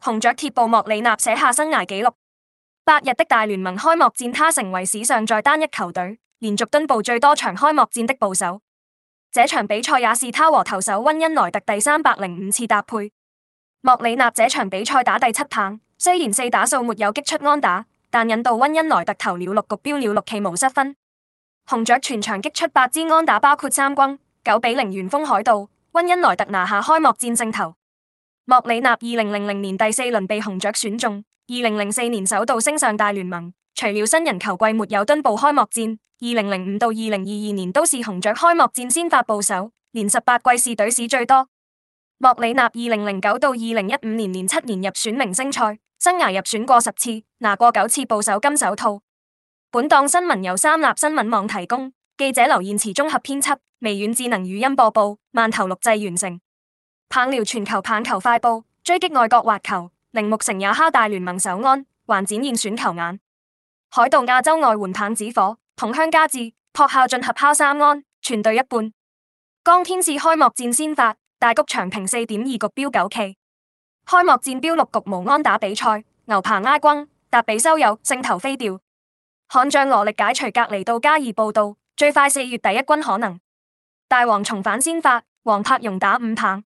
紅雀鐵捕莫里納寫下生涯紀錄，八日的大聯盟開幕戰，他成為史上在單一球隊連續蹲捕最多場開幕戰的捕手。這場比賽也是他和投手溫恩萊特第三百零五次搭配。莫里納這場比賽打第七棒，雖然四打數沒有擊出安打，但引導溫恩萊特投了六局，飆了六期無失分。紅雀全場擊出八支安打，包括三軍九比零完封海盜。溫恩萊特拿下開幕戰勝投。莫里納二零零零年第四輪被紅雀選中二零零四年首度升上大聯盟。除了新人球季沒有蹲捕開幕戰二零零五到二零二二年都是紅雀開幕戰先發捕手，連十八季是隊史最多。莫里納二零零九到二零一五年,年，連七年入選明星賽，生涯入選過十次，拿過九次捕手金手套。本檔新聞由三立新聞網提供，記者劉燕慈綜合編輯，微軟智能語音播報，饅頭錄製完成。棒聊全球棒球快報，追擊外國滑球，鈴木誠也敲大聯盟首安，還展現選球眼。海盜亞洲外援棒子火，筒香嘉智、朴孝俊合敲三安，全隊一半。江天使開幕戰先發，大谷翔平四點二局飆九 K。開幕戰飆六局無安打比賽，牛棚挨轟達比修有勝投飛掉。悍將羅力解除隔離到加二報到，最快四月第一軍可能。大王重返先發，王柏融打五棒。